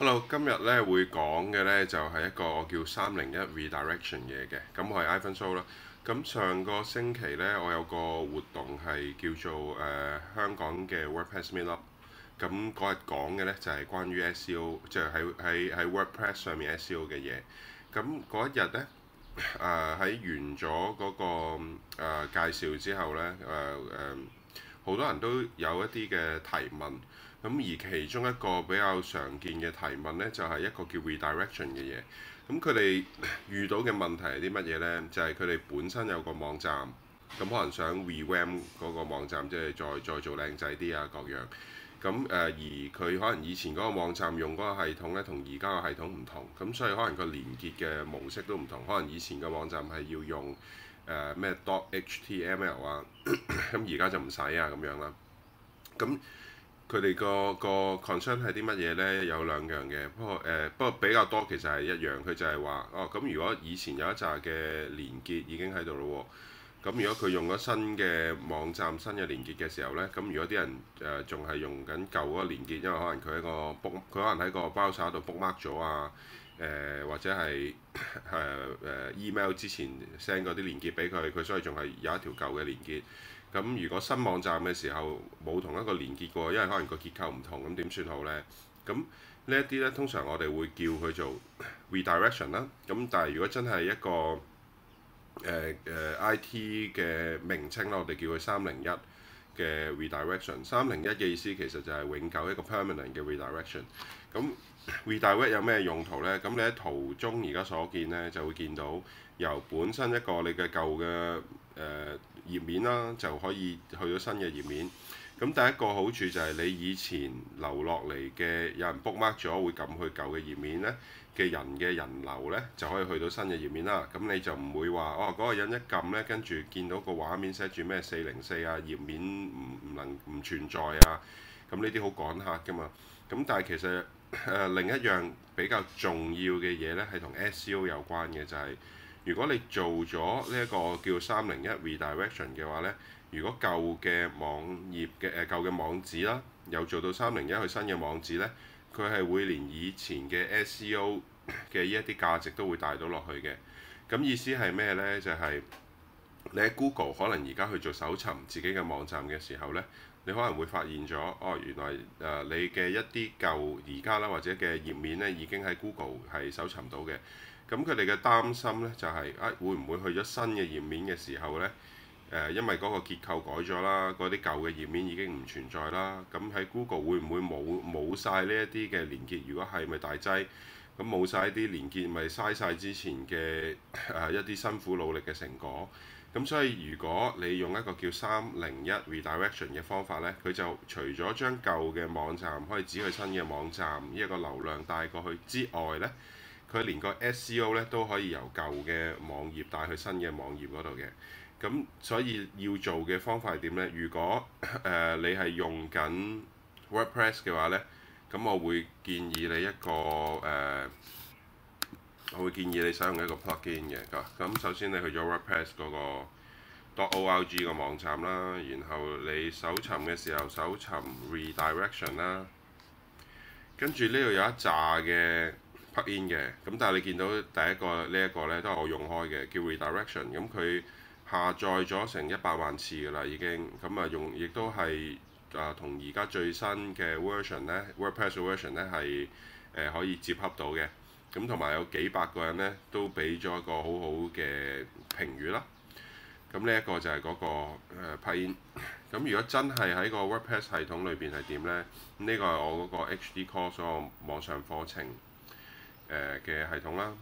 Hello，今日咧會講嘅咧就係一個我叫三零一 redirection 嘢嘅，咁我係 iPhone Show 啦。咁上個星期咧，我有個活動係叫做誒香港嘅 WordPress Meetup。咁嗰日講嘅咧就係關於 SEO，即係喺喺喺 WordPress 上面 SEO 嘅嘢。咁嗰一日咧，誒喺完咗嗰個誒介紹之後咧，誒誒。好多人都有一啲嘅提問，咁而其中一個比較常見嘅提問呢，就係、是、一個叫 redirection 嘅嘢。咁佢哋遇到嘅問題係啲乜嘢呢？就係佢哋本身有個網站，咁可能想 rebrand 嗰個網站，即係再再做靚仔啲啊，各樣。咁誒、呃，而佢可能以前嗰個網站用嗰個系統呢，同而家個系統唔同，咁所以可能個連結嘅模式都唔同。可能以前嘅網站係要用。誒咩 dot HTML 啊，咁而家就唔使啊咁樣啦。咁佢哋個個 concern 係啲乜嘢呢？有兩樣嘅，不過誒、呃、不過比較多其實係一樣。佢就係話哦，咁如果以前有一紮嘅連結已經喺度咯喎，咁如果佢用咗新嘅網站新嘅連結嘅時候呢，咁如果啲人誒仲係用緊舊嗰個連結，因為可能佢喺個 book 佢可能喺個 browser 度 bookmark 咗啊。誒、呃、或者係誒、呃、email 之前 send 嗰啲連結俾佢，佢所以仲係有一條舊嘅連結。咁如果新網站嘅時候冇同一個連結過，因為可能個結構唔同，咁點算好呢？咁呢一啲咧，通常我哋會叫佢做 redirection 啦。咁但係如果真係一個誒、呃呃、IT 嘅名稱咧，我哋叫佢三零一嘅 redirection。三零一嘅意思其實就係永久一個 permanent 嘅 redirection。咁 Redirect 有咩用途呢？咁你喺圖中而家所見呢，就會見到由本身一個你嘅舊嘅誒頁面啦，就可以去到新嘅頁面。咁第一個好處就係你以前留落嚟嘅有人 book mark 咗，會撳去舊嘅頁面呢，嘅人嘅人流呢，就可以去到新嘅頁面啦。咁你就唔會話哦，嗰個人一撳呢，跟住見到個畫面寫住咩四零四啊頁面唔唔能唔存在啊。咁呢啲好趕客㗎嘛，咁但係其實誒、呃、另一樣比較重要嘅嘢咧，係同 SEO 有關嘅，就係、是、如果你做咗呢一個叫三零一 redirection 嘅話咧，如果舊嘅網頁嘅誒舊嘅網址啦，又做到三零一去新嘅網址咧，佢係會連以前嘅 SEO 嘅呢一啲價值都會帶到落去嘅。咁意思係咩咧？就係、是。你喺 Google 可能而家去做搜尋自己嘅網站嘅時候呢，你可能會發現咗哦，原來誒、呃、你嘅一啲舊而家啦或者嘅頁面呢已經喺 Google 係搜尋到嘅。咁佢哋嘅擔心呢，就係、是、啊，會唔會去咗新嘅頁面嘅時候呢？呃、因為嗰個結構改咗啦，嗰啲舊嘅頁面已經唔存在啦。咁喺 Google 會唔會冇冇曬呢一啲嘅連結？如果係咪大劑？咁冇晒啲連結，咪嘥晒之前嘅誒、呃、一啲辛苦努力嘅成果。咁所以如果你用一個叫三零一 redirection 嘅方法咧，佢就除咗將舊嘅網站可以指去新嘅網站，呢個流量帶過去之外咧，佢連個 SEO 咧都可以由舊嘅網頁帶去新嘅網頁嗰度嘅。咁所以要做嘅方法係點咧？如果誒、呃、你係用緊 WordPress 嘅話咧？咁我會建議你一個誒、呃，我會建議你使用一個 plug-in 嘅。咁首先你去咗 WordPress 嗰個 .org 嘅網站啦，然後你搜尋嘅時候搜尋 redirection 啦，跟住呢度有一揸嘅 plug-in 嘅，咁但係你見到第一個呢一、這個呢，都係我用開嘅，叫 redirection，咁佢下載咗成一百萬次㗎喇已經，咁、嗯、啊用亦都係。啊，同而家最新嘅 version 咧，WordPress version 咧係誒可以接洽到嘅。咁同埋有幾百個人咧都俾咗一個好好嘅評語啦。咁呢一個就係嗰、那個誒批。咁、呃、如果真係喺個 WordPress 系統裏邊係點咧？呢個係我嗰個 HD Course 嗰個網上課程誒嘅、呃、系統啦。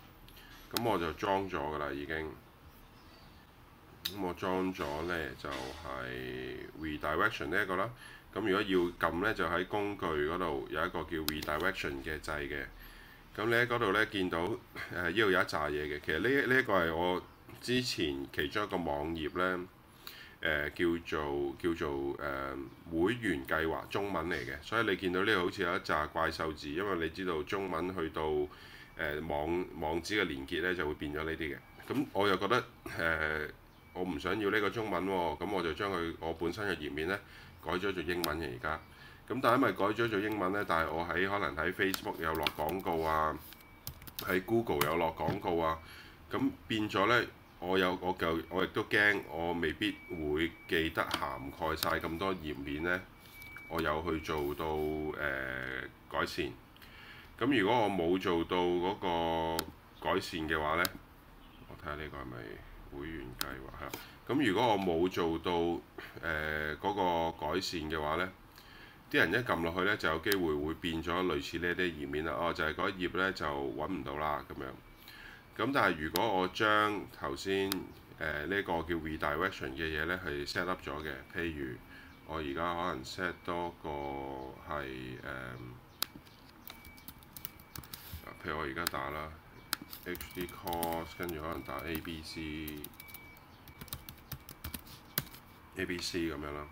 咁我就裝咗㗎喇，已經。咁我裝咗咧就係、是、Redirection 呢一個啦。咁如果要撳呢，就喺工具嗰度有一個叫 Redirection 嘅掣嘅。咁你喺嗰度呢，見到誒呢度有一紮嘢嘅，其實呢呢一個係、這個、我之前其中一個網頁呢，誒、呃、叫做叫做誒、呃、會員計劃中文嚟嘅，所以你見到呢度好似有一紮怪獸字，因為你知道中文去到誒、呃、網網址嘅連結呢，就會變咗呢啲嘅。咁我又覺得誒、呃、我唔想要呢個中文喎、哦，咁我就將佢我本身嘅頁面呢。改咗做英文嘅而家，咁但係因為改咗做英文呢，但係我喺可能喺 Facebook 有落廣告啊，喺 Google 有落廣告啊，咁變咗呢，我有我就我亦都驚，我未必會記得涵蓋晒咁多頁面呢。我有去做到誒、呃、改善。咁如果我冇做到嗰個改善嘅話呢，我睇下呢個係咪？會員計劃嚇，咁如果我冇做到誒嗰、呃那個改善嘅話，呢啲人一撳落去呢，就有機會會變咗類似呢啲頁面啦。哦，就係、是、嗰頁呢，就揾唔到啦咁樣。咁但係如果我將頭先誒呢個叫 redirection 嘅嘢呢，係 set up 咗嘅、呃，譬如我而家可能 set 多個係，譬如我而家打啦。H D course 跟住可能打 A B C A B C 咁樣啦。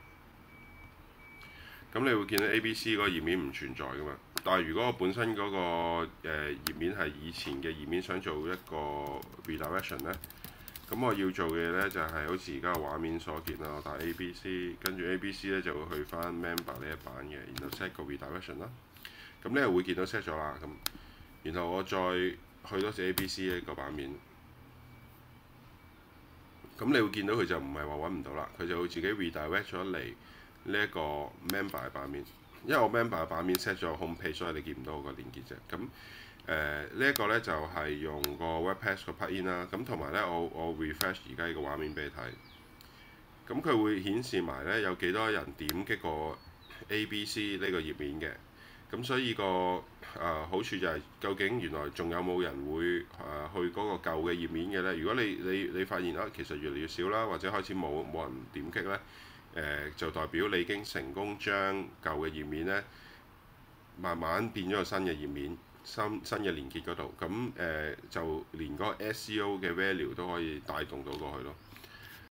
咁你會見到 A B C 嗰個頁面唔存在㗎嘛？但係如果我本身嗰、那個誒頁、呃、面係以前嘅頁面，想做一個 redirection 咧，咁我要做嘅咧就係、是、好似而家畫面所見啊，我打 A B C 跟住 A B C 咧就會去返 member 呢一版嘅，然後 set 個 redirection 啦。咁咧會見到 set 咗啦。咁然後我再。去多次 A、B、C 一個版面，咁你會見到佢就唔係話揾唔到啦，佢就會自己 redirect 咗嚟呢一個 member 版面。因為我 member 版面 set 咗 home page，所以你見唔到個連結啫。咁誒呢一個呢就係用個 WordPress 個 plugin 啦。咁同埋呢，我我 refresh 而家呢個畫面俾你睇。咁佢會顯示埋呢有幾多人點擊過 A、B、C 呢個頁面嘅。咁所以個誒、呃、好處就係、是、究竟原來仲有冇人會誒、啊、去嗰個舊嘅頁面嘅咧？如果你你你發現啊，其實越嚟越少啦，或者開始冇冇人點擊咧，誒、呃、就代表你已經成功將舊嘅頁面咧慢慢變咗個新嘅頁面，新新嘅連結嗰度，咁誒、呃、就連嗰個 S E O 嘅 value 都可以帶動到過去咯。